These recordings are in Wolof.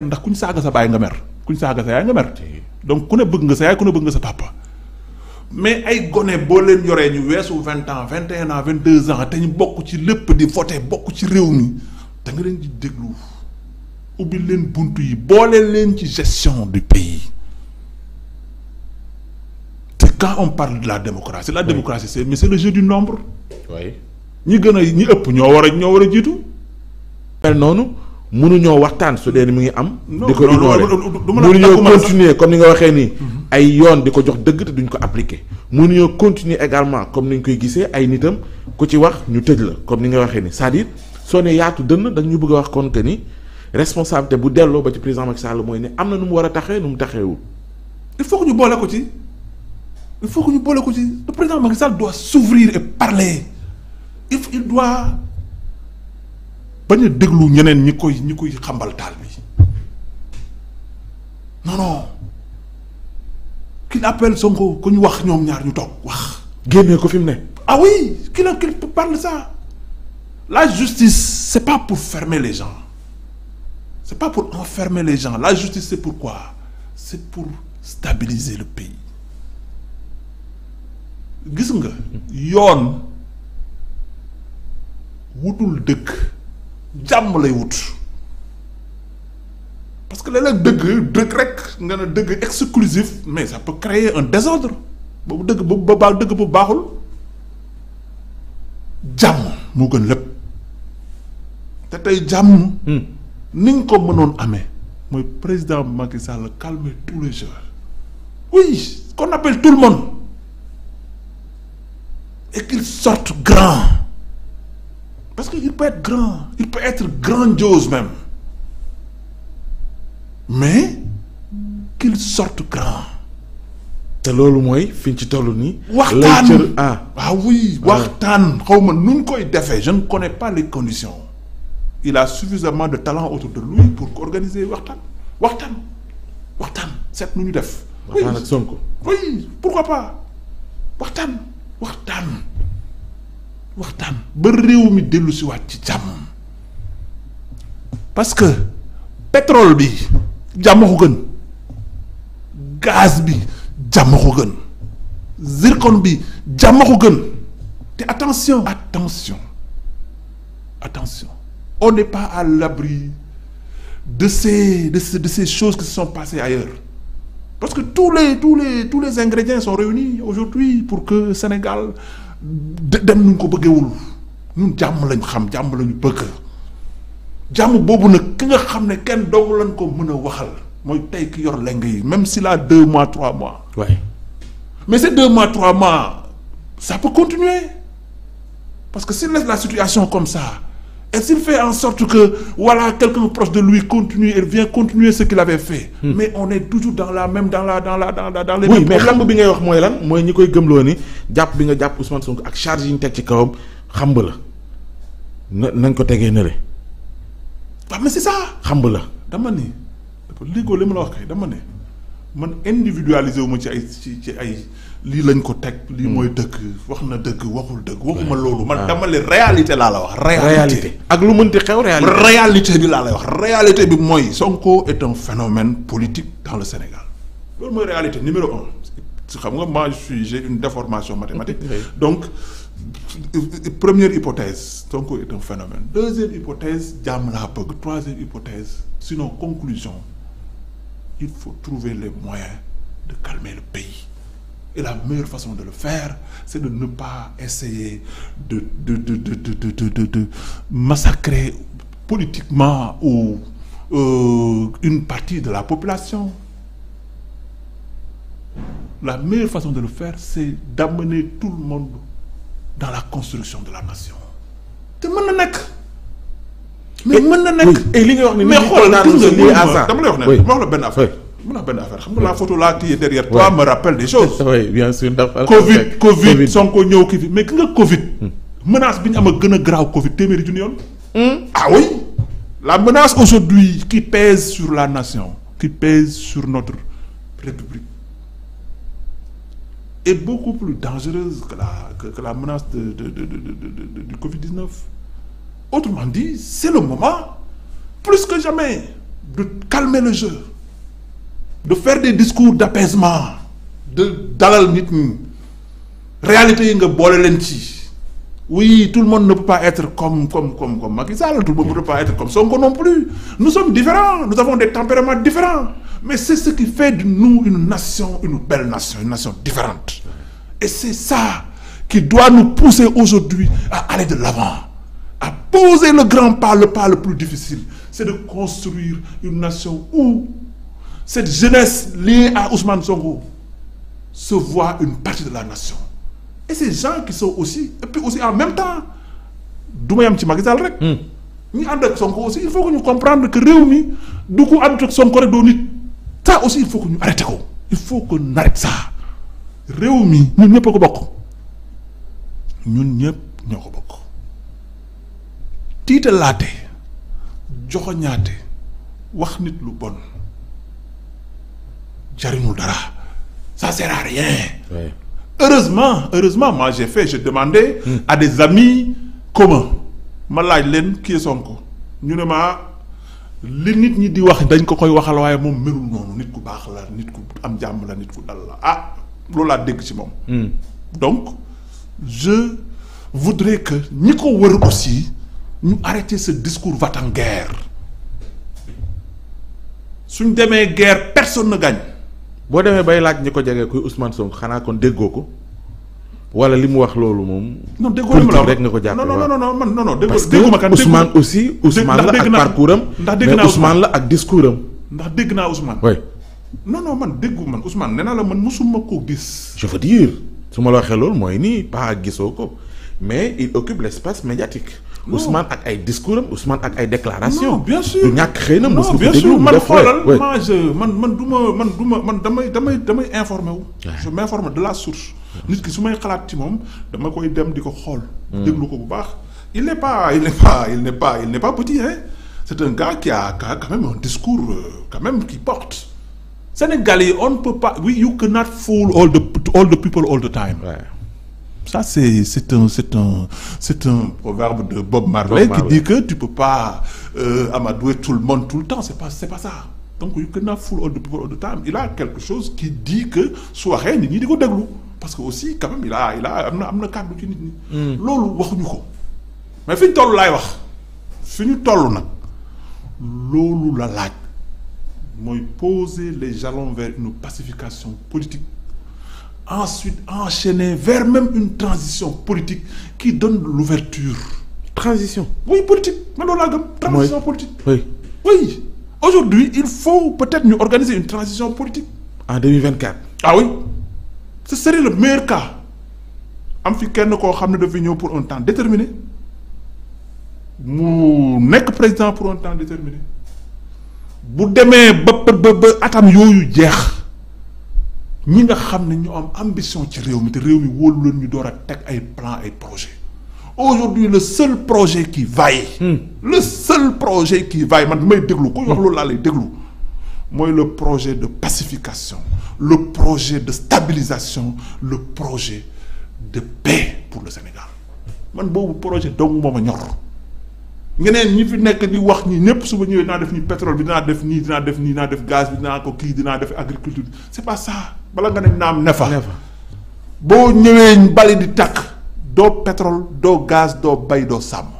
ndax kuñ saaga sa baay nga mer kuñ saaga sa yaay nga mer donc ku ne bëgg nga sa yaay ku ne bëgg nga sa papa mais ay gone boo leen yoree ñu weesu vingt ans vingt et un ans vingt ans te ñu bokk ci lépp di voté bokk ci réew mi da nga leen di déglu ubbi leen bunt yi booleel leen ci gestion du pays te quand on parle de la démocratie la démocratie c'est mais c'est le jeu du nombre. ñi gën a ñi ëpp ñoo war a ñoo war a jiitu. mel noonu. mënuñoo waxtaan su dee ni mu ngi am. di ko ignorer mënuñoo continuer comme ni nga waxee nii. Mm-hmm. ay yoon di ko jox dëgg te duñ ko appliquer. mënuñoo continuer également comme ni ñu koy gisee ay nitam ku ci wax ñu tëj la comme ni nga waxee nii c'est-à-dire soo ne yaatu dënn dañ ñu bëgg wax kon que ni responsabilité bu delloo ba ci président Macky mooy ne am na nu mu war a taxee nu mu taxeewul. il faut que ñu boole ko ci il faut que ñu boole ko ci le président Macky Sall doit s'ouvrir et parler il doit. bañ déglu ñeneen ñi koy ñi koy xambal taal bi non non qu'il Sonko ku ñu wax ñoom ñaar ñu toog wax. génne ko fi mu ne. ah oui qu'il qu'il parle ça la justice c'est pas pour fermer les gens c'est pas pour enfermer les gens la justice c'est pourquoi c'est pour stabiliser le pays gis nga yoon wutul dëkk. jàmm lay wut parce que léeg-léeg dëgg dëgg rek nga ne dëgg exclusif mais ça peut créer un désordre boobu dëgg boobu ba baax dëgg boobu baaxul jàmm moo gën lépp te tey jàmm. Hmm. ni nga ko mënoon amee mooy président Macky Sall calmer tous les joueurs oui qu'on appelle tout le monde et qu'il grand. parce que il peut être grand il peut être grandiose même mais qu'il sorte grand. te loolu mooy fii ñu ci toll nii. waxtaan lay ah. ah oui ah. waxtaan xaw ma nu ñu koy defee je ne connais pas les conditions il a suffisamment de talent autour de lui pour organiser waxtaan waxtaan waxtaan seet nu ñu def. waxtaan ak Sonko oui pourquoi pas waxtaan waxtaan. waxtaan ba réew mi dellu si waat ci jàmm parce que pétrole bi jàmm ko gën gaz bi jàmm ko gën zircon bi jàmm ko gën te attention attention attention on n'est pas à l'abri de ces de ces de ces choses qui se sont passées ailleurs parce que tous les tous les tous les ingrédients sont réunis aujourd'hui pour que Sénégal dem nuñ ko bëggewul ñun jàmm lañ xam jàmm lañu bëgg jàmm boobu nag ki nga xam ne kenn dong lañ ko mën a waxal mooy tey ki yor leng yi même si a deux mois trois mois. waaye mais ces deux mois trois mois ça peut continuer parce que si laisse la situation comme ça. Et s'il fait en sorte que voilà quelqu'un proche de lui continue et vient continuer ce qu'il avait fait. Hmm. mais on est toujours dans la même dans la dans la dans la dans les. oui mais xam bi ngay wax mooy lan mooy ñi koy gëmloo ni jàpp bi nga jàpp Ousmane Sonko ak charge yi ñu teg ci kawam xam nga la na nañ ko tegee nële. waaw mais c'est ça. xam nga la dama ne léegoo li ma la wax kay dama ne man individualisé wu ma ci ay ci ci ay. lii lañ ko teg lii hmm. mooy dëgg wax na dëgg waxul dëgg waxuma loolu man ah. dama réalité laa la wax réalité ak lu mënti xew réalité réalité bi laa lay wax réalité bi mooy Sonko est un phénomène politique dans le Sénégal loolu mooy réalité numéro un xam nga maa je une déformation mathématique donc première hypothèse Sonko est un phénomène deuxième hypothèse jàmm laa bëgg troisième hypothèse sinon conclusion il faut trouver les moyens de calmer le pays Et la meilleure façon de le faire, c'est de ne pas essayer de de de de de de politiquement ou euh, une partie de la population. La meilleure façon de le faire, c'est d'amener tout le monde dans la construction de la nation. te mën na nekk. mais eh, mën na nekk. li nga wax ni mais xoolal dama lay wax ne dama la wax benn affaire. mën naa benn xam nga la photo laa téye derrière toi me rappelle des choses. oui Covid Covid Sonko ñëw ki mais ki nga Covid. Hmm. menace bi ñu am a gën a graaw Covid téeméeri junni yoon. Hmm. ah oui la menace aujourd'hui qui pèse sur la nation qui pèse sur notre république est beaucoup plus dangereuse que la que, la menace de de de de du Covid-19 autrement dit c'est le moment plus que jamais de calmer le jeu de faire des discours d'apaisement de dalal nit ñi réalité nga boole leen ci oui tout le monde ne peut pas être comme comme comme comme Macky Sall tout le monde ne peut pas être comme Sonko non plus nous sommes différents nous avons des tempéraments différents mais c'est ce qui fait de nous une nation une belle nation une nation différente et c'est ça qui doit nous pousser aujourd'hui à aller de l'avant à poser le grand pas le pas le plus difficile c'est de cette jeunesse liée à Ousmane Sonko se voit une partie de la nation et ces gens qui sont aussi et aussi en même temps du ma ci Macky Sall rek. Hmm. ñu ànd ak Sonko aussi il faut que ñu comprendre que réew mi du ko ànd ak Sonko rek doo nit. ça aussi il faut que ñu arrêté ko. il faut que ñu arrêté réew mi ñun ñëpp a ko bokk ñun ñëpp ñoo ko bokk tiitalaate joxoñaate wax nit lu bon. jariñul dara ça sert à rien. Ouais. heureusement heureusement moi j'ai fait j'ai demandé. Mm. des amis communs ma laaj leen kii Sonko ñu ne ma li nit ñi di wax dañ ko koy waxal waaye moom melul noonu nit ku baax la nit ku am jàmm la nit ku dal la ah loolu laa dégg ci moom. Hmm. donc je voudrais que ñi ko wër aussi ñu arrêter ce discours va guerre suñ demee guerre personne ne boo demee bay laaj ñi ko jege kuy Ousmane Sonko xanaa kon déggoo ko wala li mu wax loolu moom. non déggoo li mu la rek nga ko jàppee waaw non non non non non déggoo dégguma kan parce que Ousmane aussi. Ousmane la ak parcours am ndax dégg naa Ousmane la ak discours am. ndax dégg naa Ousmane. oui non non man déggu man Ousmane nee naa la man mosuma ko gis. je veux dire su ma la waxee loolu mooy nii pas gisoo ko mais il occupe l' médiatique. Ousmane ak ay discours am Ousmane ak ay déclaration non bien sûr ñàkk xëy na. mos bien sûr man xoolal man man man du ma man du ma man damay damay damay informé wu. je de la source. nit ki su may xalaat ci moom dama koy dem di ko xool. Hmm. déglu ko bu baax il n'est pas il n'est pas il n'est pas il n'est pas petit hein. c'est un gars qui a quand même un discours euh, quand même qui porte. Sénégalais yi on ne peut pas we you cannot fool all the all people all the time. ça c'est c'est un c'est un c'est un proverbe de Bob Marley Bob Marley qui dit que tu peux pas euh, tout le monde tout le temps c'est pas c'est pas ça donc yu gën a ful all the people all the time il a quelque chose qui dit que su waxee nit ñi di ko déglu parce que aussi quand même il am na am na kàddu ci nit ñi. Hmm. loolu waxuñu ko mais fi ñu toll laay wax fi ñu toll nag loolu la laaj mooy poser les jalons vers une pacification politique. ensuite enchaîner vers même une transition politique qui donne l'ouverture transition oui politique man loolu laa gëm transition politique oui oui aujourd'hui il faut peut-être ñu organiser une transition politique en 2024 ah oui ce serait le meilleur cas am fi kenn koo xam ne dafa ñëw pour un temps déterminé mu nekk président pour un temps déterminé bu demee ba ba ba atam yooyu jeex ñi nga xam ne ñu am ambition ci réew mi te réew mi wóolu leen ñu door a teg ay plan ay projet aujourd'hui le seul projet qui vaille hmm. le seul projet qui vaille man may déglu ku wax loolu laa lay déglu mooy le projet de pacification le projet de stabilisation le projet de paix pour le Sénégal man boobu projet dong moom a ñor ñeneen ñi fi nekk di wax ñi ñëpp suba ñëwee dinaa def nii pétrole bi dinaa def nii dinaa def nii dinaa def gaz bi dinaa ko kii dinaa def agriculture c'est pas ça bala nga ne naam ne fa boo ñëwee bali di takk doo pétrole doo gaz doo bay doo sàmm.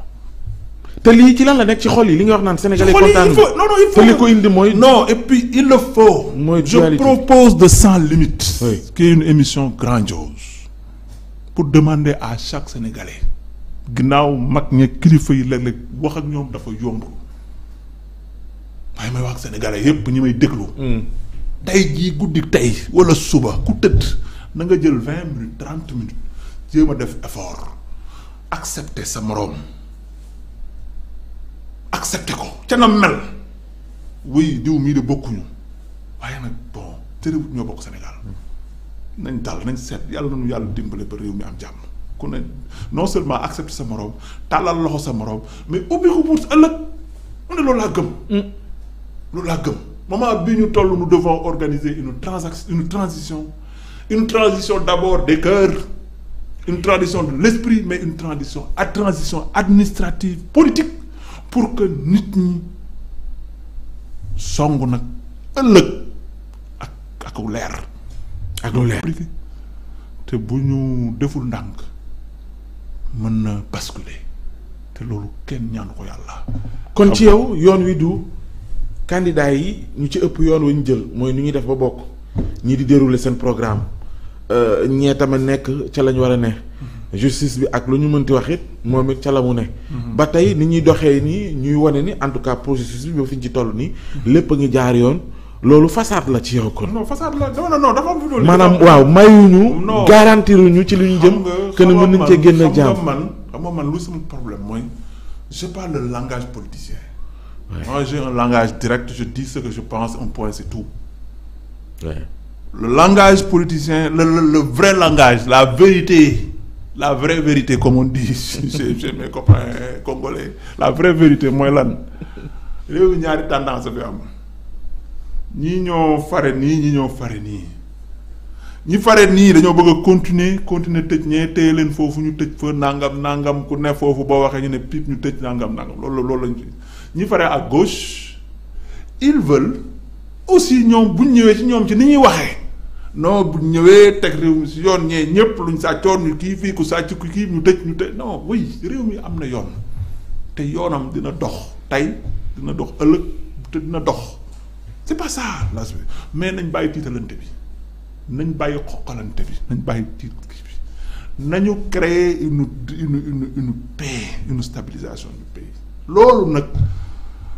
te lii ci lan la nekk ci xol yi li nga wax naan sénégalais kontaan non non il faut te li mooy. non et puis il le faut. mooy je propose de cent limite. oui qui est une émission grandiose pour demander à chaque sénégalais. ginnaaw mag ña kilifa yi léeg-léeg wax ak ñoom dafa yomb waaye may wax ak sénégalais yépp ñi may déglu. Hmm. tey jii guddi tey wala suba ku tëdd na jël vingt minutes trente minutes jéem a def effort accepter sa moroom accepter ko ca na mel wuy diw mii de bokkuñu waaye nag bon terewut ñoo bokk Sénégal hmm. nañ dal nañ seet yàlla nañu yàlla dimbale ba réew mi am jàmm. ku ne non seulement accepte sa morom tàllal loxo sa morom mais ubbiku pour ëllëg mu ne loolu laa gëm. Mm. loolu laa gëm moment bi ñu toll nous devons organiser une transaction une transition une transition d'abord des cœurs une transition de l'esprit mais une transition à transition administrative politique pour que nit ñi song nag ëllëg ak ak leer. ak lu leer te bu ñu deful ndànk. mën na basculer te loolu kenn ñaanu ko yàlla. kon ci yow yoon wi du candidat yi ñu ci ëpp yoon wu ñu jël mooy nu ñuy def ba bokk ñii di dérouler seen programme euh, ñee tamit nekk ca lañ war a ne. justice bi ak lu ñu mënti wax it moom it ca la mu ne. Mhm. ba tey ni ñuy doxee nii ñuy wane ni en tout cas processus bi ba fi ñu ci toll nii. Mhm. lépp a ngi jaar yoon. loolu façade la ci yow kon. non façade la non non dafa am. maanaam waaw mayuñu. non garantiruñu ci li ñu jëm. xam nga mën nañ cee génn jàmm man xam nga man lu sama problème mooy je parle le langage politicien. oui moi j'ai un langage pense un point c'est tout. langage politicien le le le vrai langage la vérité la vraie vérité comme on dit la vraie vérité mooy lan réew ñaari tendance bi am. ñii ñoo fare nii ñi ñoo fare nii ñi fare nii dañoo bëgg a continuer continuer tëj ñee téye leen foofu ñu tëj fa nangam nangam ku ne foofu boo waxee ñu ne pipe ñu tëj nangam nangam loolu loolu lañ ñi fare à gauche ils aussi ñoom buñ ñëwee ci ñoom ci ni ñuy waxee non buñ ñëwee teg réew mi si yoon ñee ñëpp luñ sàccoon ñu kii fii ku sàcc ku kii ñu tëj ñu tëj non oui réew mi am na yoon te yoonam dina dox tey dina dox ëllëg te dina dox c'est pas ça las bi mais nañ bàyyi tiitalante bi nañ bàyyi xoqalante bi nañ bàyyi tiit bi nañu créer une une une une paix une stabilisation du pays loolu nag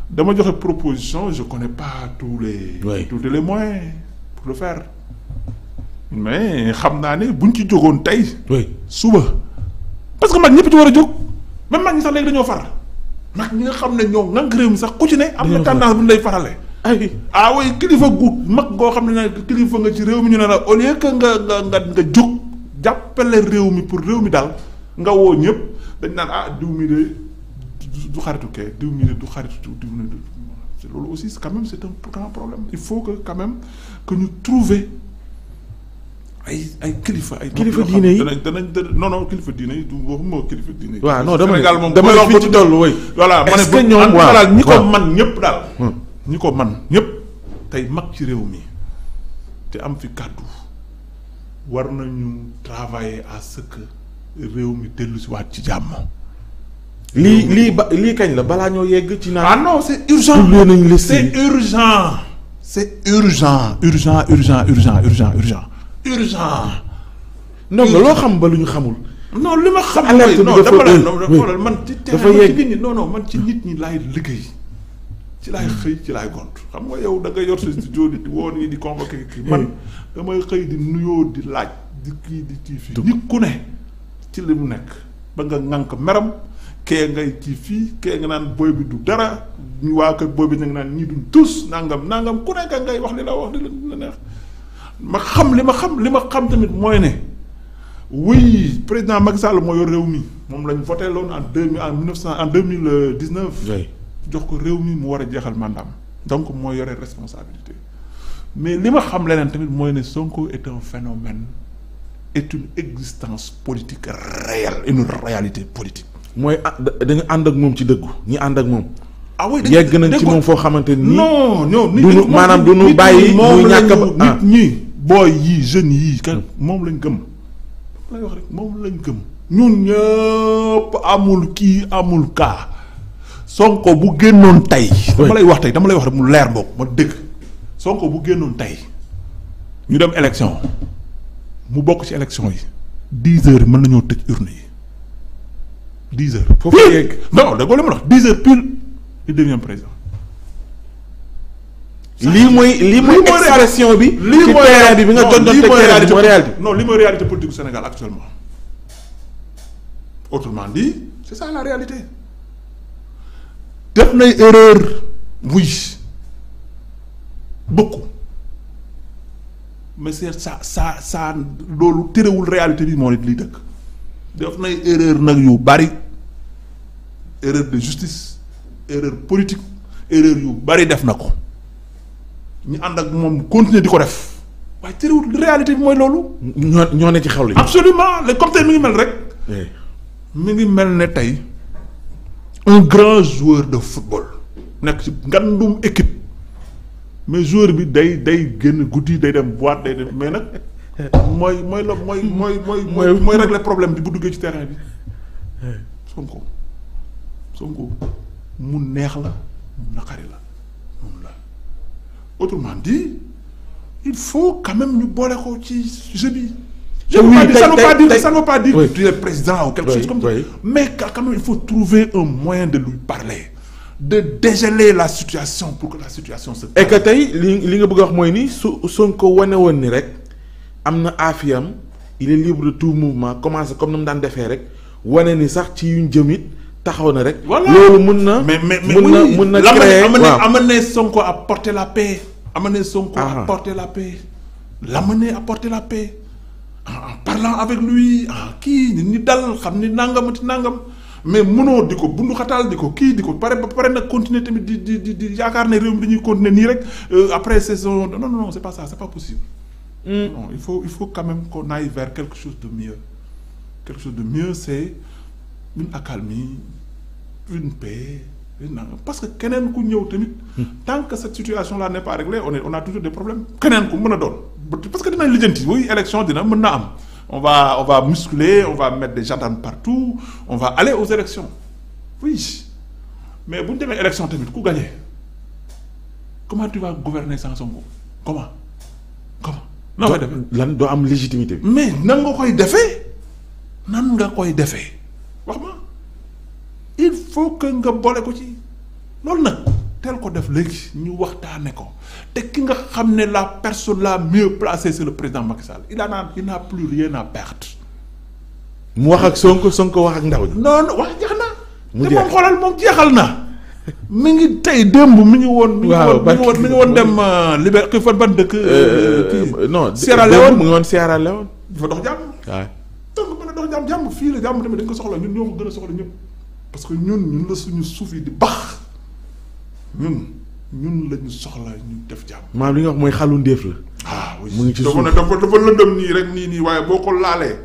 dama joxe proposition je connais pas tous les oui. tous les moyens pour le faire mais xam naa ne buñ ci jógoon tey suba parce que mag ñëpp ci war a jóg même mag ñi sax léegi dañoo far mag ñi nga xam ne ñoo ngànk réew mi sax ku ci ne am na tendance bu ñu lay farale ay ah kilifa gu mag goo xam ne kilifa nga ci réew mi ñu ne la au lieu que nga nga réew mi pour réew mi daal nga ñëpp dañ naan ah diw mi de du xaritu kee diw mi de du xaritu diw mi de que quand même que ñu trouver ay kilifa kilifa diine yi danañ danañ non kilifa diine yi du waxuma kilifa diine yi. waaw non dama ne fi ci dolli waaw. voilà ma ne ñi man ñëpp daal. Hmm. ñi ko man ñépp tey mag ci réew mi te am fi kàddu war nañu travailler à ce que réew mi dellusiwaat ci ci jàmm. lii lii ba lii kañ la balaa ñoo yegg ci. naan ah non c'est urgent c'est urgent. c'est urgent urgent urgent urgent urgent urgent. urgent. non loo xam ba lu ñu xamul. non li ma xam. alerte bi dafa man ci. dafa yegg non non man ci nit ñi laay liggéey. ci laay xëy ci laay gont xam nga yow da nga yor sa studio di woo nii di convoqué kii man hmm. may xëy di nuyoo di laaj di kii di kii fii nit ku ne ci li mu nekk ba nga ŋànk meram kee ngay kii fii kee nga naan boy bi du dara ñu waa kër boy bi ñu ngi naan ñii duñ tus nangam nangam ku nekk ngay wax li la wax li la neex ma xam li ma xam li ma xam tamit mooy ne oui président Macky Sall moo yor réew mi moom lañ voté loon en deux mille en mille neuf cent mille dix jox ko réew mi mu war a jeexal mandaam donc mooy yore responsabilité mais li ma xam leneen tamit mooy ne Sonko est un phénomène est une existence politique réelle une réalité politique. mooy ah, dañu ànd ak moom ci dëggu ñi ànd ak moom. ah oui yegg nañ ci moom foo xamante ni. non non nit maanaam du ñu bàyyi. ñu ñàkk a nit ah. ñi booy yii jeunes yii. kan hmm. moom lañ gëm. moom lañ gëm. ñun ñëpp amul kii amul kaa. Sonko bu génnoon tey. dama lay wax tey dama lay wax rek mu leer mbokk ma dëkk Sonko bu génnoon tey ñu dem élection mu bokk ci élection yi dix heures mën nañoo tëj urne yi dix heures. foofu li ma wax dix heures pile il devient président. lii mooy lii mooy expression bi. lii mooy réalité bi bi nga doon doon teg réalité non lii mooy réalité politique du Sénégal actuellement autrement dit c'est ça la def nay erreur oui beaucoup mais c'est ça ça ça loolu térewul réalité bi moo nit dëkk def nay erreur nag yu bari erreur de justice erreur politique erreur yu bari def na ko ñu ànd ak moom continuer di ko def waaye terewul réalité bi mooy loolu. ñoo ñoo ne ci xew la. absolument comme tey mi ngi mel rek. Eh. mi ngi mel ne tey. un grand joueur de football nekk ci ngandum équipe mais joueur bi day day génn guddi day dem boîte day dem mais nag mooy mooy la mooy mooy mooy mooy régler problème bi bu duggee ci terrain bi Sonko Sonko mu neex la mu naqari la moom la il faut quand même ñu boole ko ci jeu bi je oui, ne ça ne veut pas dire ça ne veut pas dire oui. que tu es président ou quelque oui, chose comme ça mais quand même il faut trouver un moyen de lui parler de dégeler la situation pour que la situation se calme. et que tey li li nga bëgg a wax mooy ni su Sonko wane woon ni rek am na afiyam il est libre de tout mouvement commencé comme ni mu daan defee rek wane ni sax ci yuñ jëm it taxaw na rek. loolu mun na. mais mais mais mun na mun na créer waaw amener Sonko à porter la paix. amener Sonko à ah. porter la paix. l'amener à porter la paix. parlant avec lui ah kii nit ñi dal xam ni nangamati nangam mais mënoo di ko bunduxataal di ko kii di ko pare ba pare na continuer tamit di di di di yaakaar ne réew mi dañuy continuer nii rek euh, après saison no non non c'est pas ça c'est pas possible. Hmm. il faut il faut quand même qu'on aille vers quelque chose de mieux quelque chose de mieux c'est une accalmie une paix. parce que keneen ku ñëw tamit hmm. tant que cette situation là n'est pas réglée on est on a toujours des problèmes keneen a doon parce que dina mën na am on va on va muscler on va mettre des gendarmes partout on va aller aux élections oui mais bu ñu demee élection tamit ku gagné comment tu vas gouverner sans Sonko comment comment. na koy defee lan doo am légitimité mais nan nga koy defee nan nga koy defee wax ma il faut que nga boole ko ci loolu nag. teel ko def léegi ñu waxtaane ko te ki nga xam ne la personne la mieux placée c'est le président Macky Sall il a naan il n'a plus rien à perdre. mu wax ak Sonko Sonko wax ak ndaw ñi. non jeex na. mu jeex te moom xoolal moom jeexal naa mu ngi tey démb mu ngi woon. waaw mi ngi woon mi ngi woon dem euh, Liberté fan dëkk. Euh, euh, kii non Sierra Leone mu ngi woon Sierra Leone. dafa dox jàmm. waaw donc mën na dox jàmm fii la jàmm tamit dañ ko soxla ñun ñoo gën a soxla ñëpp parce que ñun ñun suñu suuf yi di baax. ñun ñun lañu soxla ñu def jàmm. maanaam li nga wax mooy xalu ndéef la. ah oui mu ngi ci suuf dafa ne dafa dafa lëndëm nii rek nii nii waaye boo ko laalee.